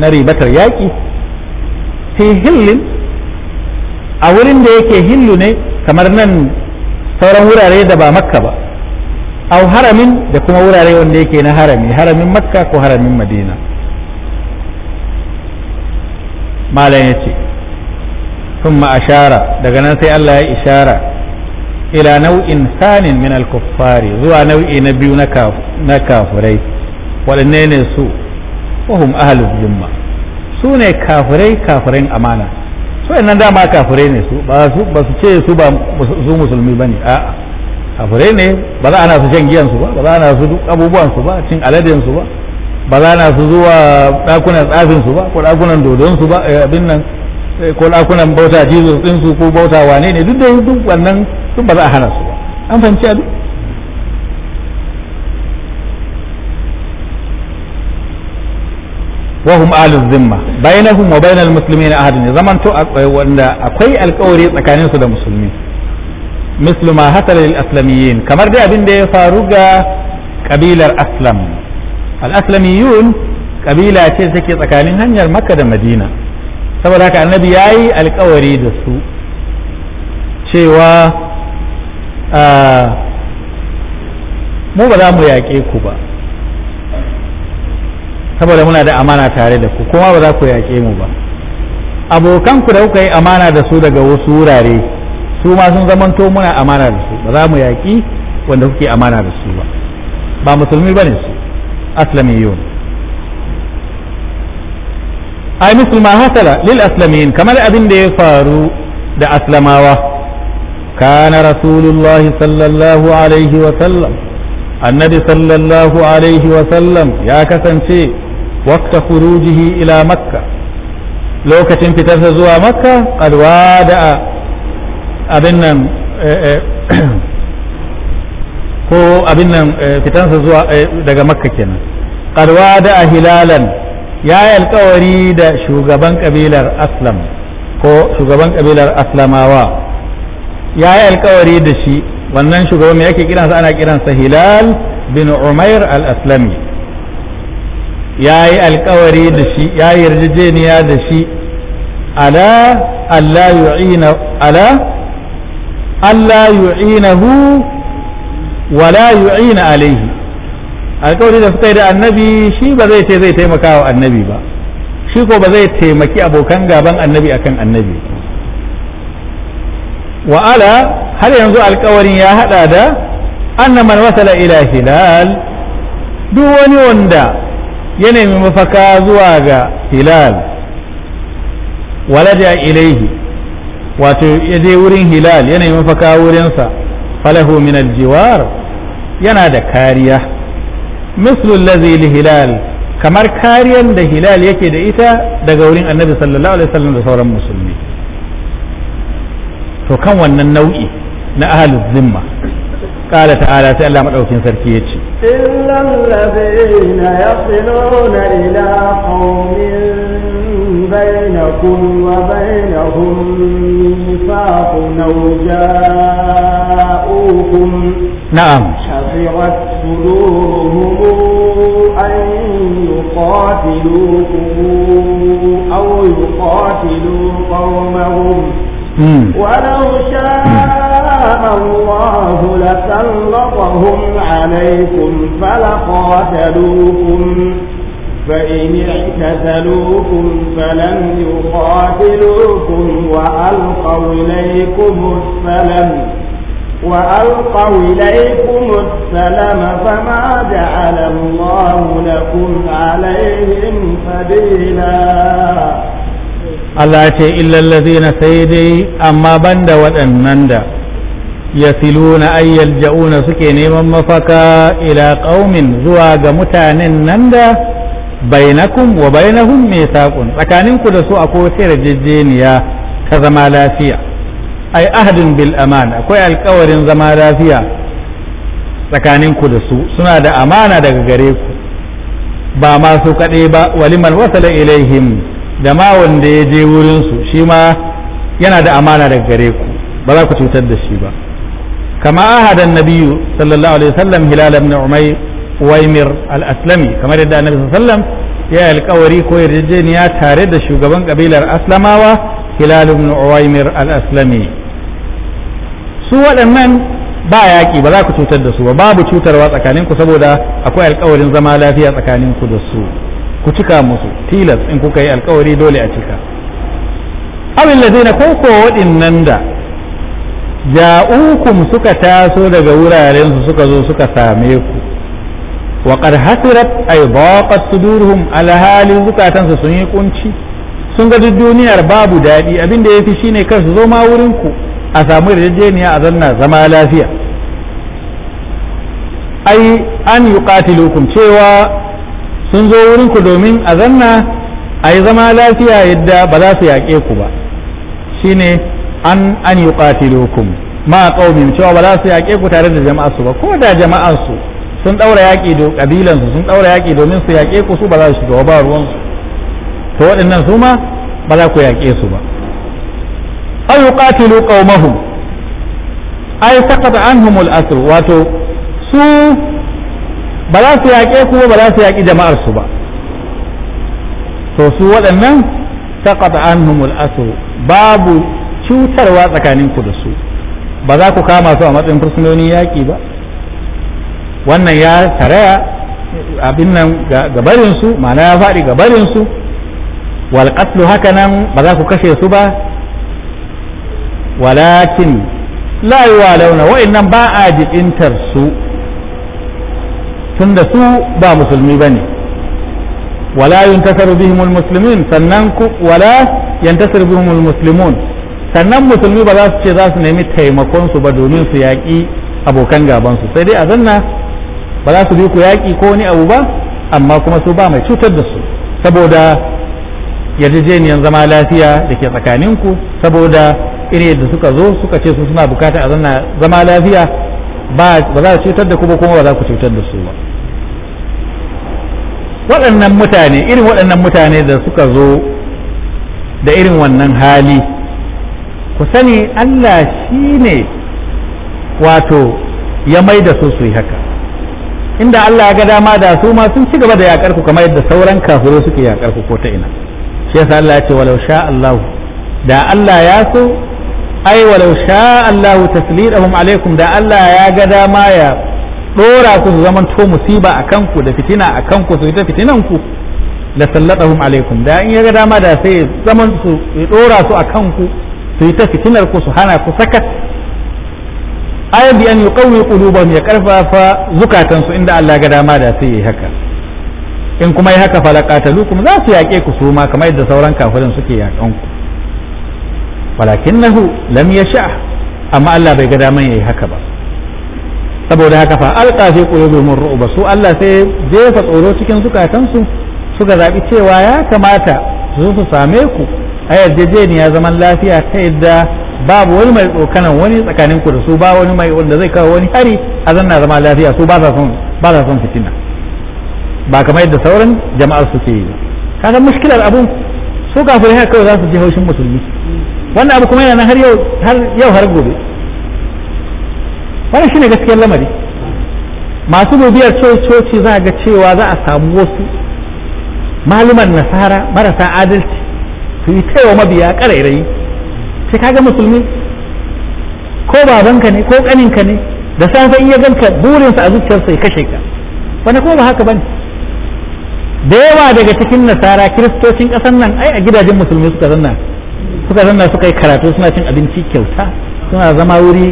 na ribatar yaƙi fi hillin a wurin da yake hillu ne kamar nan sauran wurare da ba makka ba au haramin da kuma wurare wanda yake na harami haramin makka ko haramin madina malam ya ce ثم ashara daga nan sai Allah ya ishara ila nau'in sanin min al-kuffari zuwa nau'i na biyu na kafurai waɗanne ne su wahum ahalul zimma su ne kafirai kafirin amana su nan dama kafirai ne su ba su ce su ba su musulmi ne. a'a kafirai ne ba za ana su shan giyan su ba ba za ana su abubuwan su ba cin aladen su ba ba za ana su zuwa dakunan tsafin su ba ko dakunan dodon su ba eh, abin nan eh, ko dakunan bauta jizo din su ko bauta wane ne duk da duk wannan duk ba za a hana su ba an fahimci abin wa hum ahlul zimma bainahum wa bainal muslimina ahadun zaman to wanda akwai alƙawari tsakaninsu da musulmi mislu ma hasala kamar dai abin da ya faru ga kabilar aslam al aslamiyun ce take tsakanin hanyar makka da madina saboda haka annabi yayi alƙawari da su cewa mu ba za mu yaƙe ku ba saboda muna da amana tare da ku kuma ba za ku yaƙe mu ba abokan ku da kuka yi amana da su daga wasu wurare su ma sun zamanto muna amana da su ba za mu yaƙi wanda kuke amana da su ba ba musulmi bane su aslamiyun ai musulma hasala lil aslamiyin kamar abin da ya faru da aslamawa kana الله sallallahu alaihi wa sallam النبي sallallahu alaihi wa sallam ya kasance waqta khurujihi ila makka lokacin fitarsa zuwa makka qad wada'a abin nan ko abin nan fitansa zuwa daga makka kenan qad wada'a hilalan ya alkawari da shugaban kabilar aslam ko shugaban kabilar aslamawa ya yi da shi wannan shugaban mai ake kiransa ana kiransa hilal bin umair al-aslami ya yi alkawari da shi ya yi yarjejeniya da shi ala Allah yu'ina ala Allah yu'inahu wa la yu'ina alaihi alkawari da suka yi da annabi shi ba zai ce zai taimaka wa annabi ba shi ko ba zai taimaki abokan gaban annabi akan annabi wa ala har yanzu alkawarin ya haɗa da annaman wasala ila hilal duk wani wanda ya mafaka zuwa ga hilal walaja ilaihi wato ya je wurin hilal yanayin mafaka wurinsa falahu min aljiwar yana da kariya mislul lazi li hilal kamar kariyar da hilal yake da ita daga wurin annabi sallallahu alaihi wasallam da sauran musulmi to kan wannan nau'i na ahlul zimma qala ta'ala sai Allah madaukin sarki yace إلا الذين يصلون إلى قوم بينكم وبينهم ميثاق أو جاءوكم نعم حفظت صدورهم أن يقاتلوكم أو يقاتلوا قومهم ولو شاء الله لسلطهم عليكم فلقاتلوكم فإن اعتزلوكم فلم يقاتلوكم وألقوا إليكم السلم وألقوا إليكم السلم فما جعل الله لكم عليهم سبيلا الله إلا الذين سيدي أما بند banda yasiluna ay yalja'una suke neman mafaka ila qaumin zuwa ga mutanen nan da bainakum wa bainahum mithaqun tsakaninku da su akwai wata yarjejeniya ta zama lafiya ai ahadin bil aman akwai alkawarin zama lafiya tsakaninku da su suna da amana daga gare ku ba ma su kaɗai ba waliman wasala ilaihim da ma wanda ya je wurinsu shi ma yana da amana daga gare ku ba za ku cutar da shi ba kama ahadan nabiyyu sallallahu alaihi wasallam hilal ibn umayr waimir al-aslami kamar yadda annabi sallallahu alaihi wasallam ya alkawari ko yarjejeniya tare da shugaban kabilar aslamawa hilal ibn uwaymir al-aslami su waɗannan ba yaƙi ba za ku cutar da su ba babu cutarwa tsakaninku saboda akwai alkawarin zama lafiya tsakanin ku da su ku cika musu tilas in kuka yi alkawari dole a cika awil daina ko ko waɗannan da ja'ukum suka taso daga wuraren su suka zo suka same ku wa qad hasirat ay baqat sudurhum ala hali zukatan su sun yi kunci sun ga duniyar babu dadi abin da yafi shine kan su zo ma wurin ku a samu yarjejeniya a zanna zama lafiya ai an yuqatilukum cewa sun zo wurin ku domin a zanna ai zama lafiya yadda ba za su yaƙe ku ba shine an an yuqatilukum ma qaumin cewa ba za su yaƙe ku tare da jama'ar su ba ko da jama'ar su sun ɗaura yaƙi da ƙabilan su sun ɗaura yaƙi domin su yaƙe ku su ba za su shiga ba ruwan su to waɗannan su ma ba za ku yaƙe su ba aw yuqatilu qaumahum ay taqata an humul asr wato su ba za su yaƙe ku ba za su yaƙi jama'ar su ba to su waɗannan taqata an humul asr babu cutarwa tsakanin ku da su ba za ku kama su a matsayin fursunonin yaƙi ba wannan ya taraya abin nan gabarin su ma'ana ya faɗi gabarin su wal qatlu hakanan ba za ku kashe su ba walakin la yuwalauna wa'annan ba a jibintar su tunda su ba musulmi bane wala yuntasaru bihimul muslimin sannan wala yantasir bihimul muslimun sannan musulmi ba za su ce za su nemi taimakonsu ba domin su yaƙi abokan gabansu sai dai a zanna ba za su bi ku yaƙi ko wani abu ba amma kuma su ba mai cutar da su saboda yarjejeniyar zama lafiya da ke tsakaninku saboda irin da suka zo suka ce su suna bukata a zanna zama lafiya ba za su cutar da ku ba kuma ba za ku cutar da su ba waɗannan mutane irin waɗannan mutane da suka zo da irin wannan hali ku sani Allah shi ne wato ya mai da su su yi haka inda Allah ya ga dama da su ma sun ci gaba da yakar ku kamar yadda sauran kafirai suke yakar ku ko ta ina shi yasa Allah ya ce walau sha Allah da Allah ya so ai walau sha Allah taslidahum alaikum da Allah ya ga dama ya dora ku su zaman to musiba a kanku da fitina a kanku su ta fitinan ku la sallatahum alaikum da in ya ga dama da sai zaman su ya dora su a kanku su yi ta fitinar ku su hana ku sakat ayan bi an yuqawwi qulubahum ya karfafa zukatansu inda Allah ga dama da sai yi haka in kuma yi haka falaqatalukum za su yaƙe ku su ma kamar yadda sauran kafirin suke yaƙan ku walakinahu lam yasha amma Allah bai ga daman yayi haka ba saboda haka fa alqa fi qulubihim ru'ba su Allah sai jefa tsoro cikin zukatansu suka zabi cewa ya kamata su su same ku a yarjejeniya zaman lafiya ta yadda babu wani mai tsokanan wani tsakanin ku da su ba wani mai wanda zai kawo wani hari a zanna zama lafiya su ba sa son ba fitina ba kamar yadda sauran jama'ar suke yi kaga mushkilar abun su kafirai haka kawai za su ji haushin musulmi wannan abu kuma yana har yau har gobe wannan shine gaskiyar lamari masu bibiyar coci za ga cewa za a samu wasu maluman nasara marasa adalci su yi taiwa mabiya ƙarairayi sai kaga musulmi ko babanka ne ko ƙaninka ne da safe iya ganka burinsa a zuciyarsa ya kashe ka wani kuma ba haka bane da yawa daga cikin nasara kiristocin ƙasar nan ai a gidajen musulmi suka zanna suka zanna suka yi karatu suna cin abinci kyauta suna zama wuri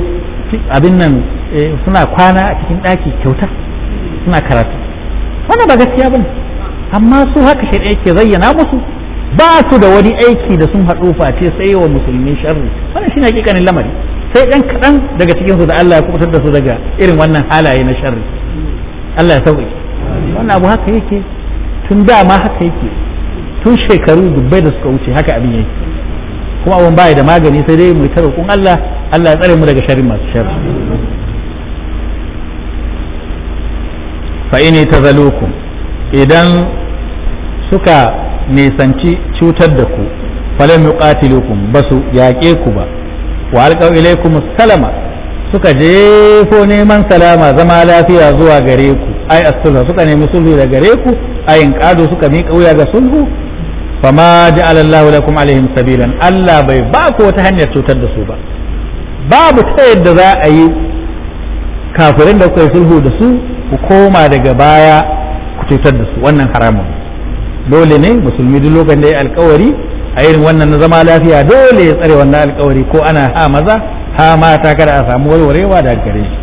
abin nan eh, suna kwana a cikin ɗaki kyauta suna karatu wannan ba gaskiya bane amma su haka shari'a ke zayyana musu ba su da wani aiki da sun haɗu face sai wa musulmi sharri wannan shine hakikanin lamari sai ɗan kaɗan daga cikin su da Allah ya kubutar da su daga irin wannan halaye na sharri Allah ya sauke wannan abu haka yake tun da ma haka yake tun shekaru dubbai da suka wuce haka abin yake kuma abun baya da magani sai dai mu ta roƙon Allah Allah ya tsare mu daga sharrin masu sharri fa ini tazalukum idan suka nisanci cutar da ku falam yuqatilukum basu yaƙe ku ba wa alqaw ilaykum salama suka jefo neman salama zama lafiya zuwa gare ku ai asulha suka nemi sulhu da gare ku ai in suka miƙa wuya ga sulhu fama ja'ala Allahu lakum alaihim sabilan Allah bai ba ku wata hanyar cutar da su ba babu ta yadda za a yi kafirin da kuka sulhu da su ku koma daga baya ku cutar da su wannan haramun dole ne musulmi duk lokacin da ya alkawari a yin wannan na zama lafiya dole ya tsare wannan alkawari ko ana ha maza ha mata kada a samu warwarewa da gare shi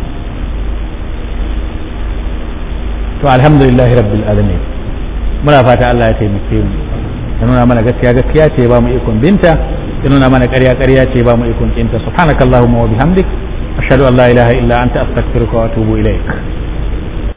to alhamdulillahi rabbil alamin muna fata Allah ya taimake mu ya nuna mana gaskiya gaskiya ce ba mu ikon binta ya nuna mana ƙarya ƙarya ce ba mu ikon kinta subhanakallahumma wa bihamdik ashhadu an la ilaha illa anta astaghfiruka wa atubu ilaik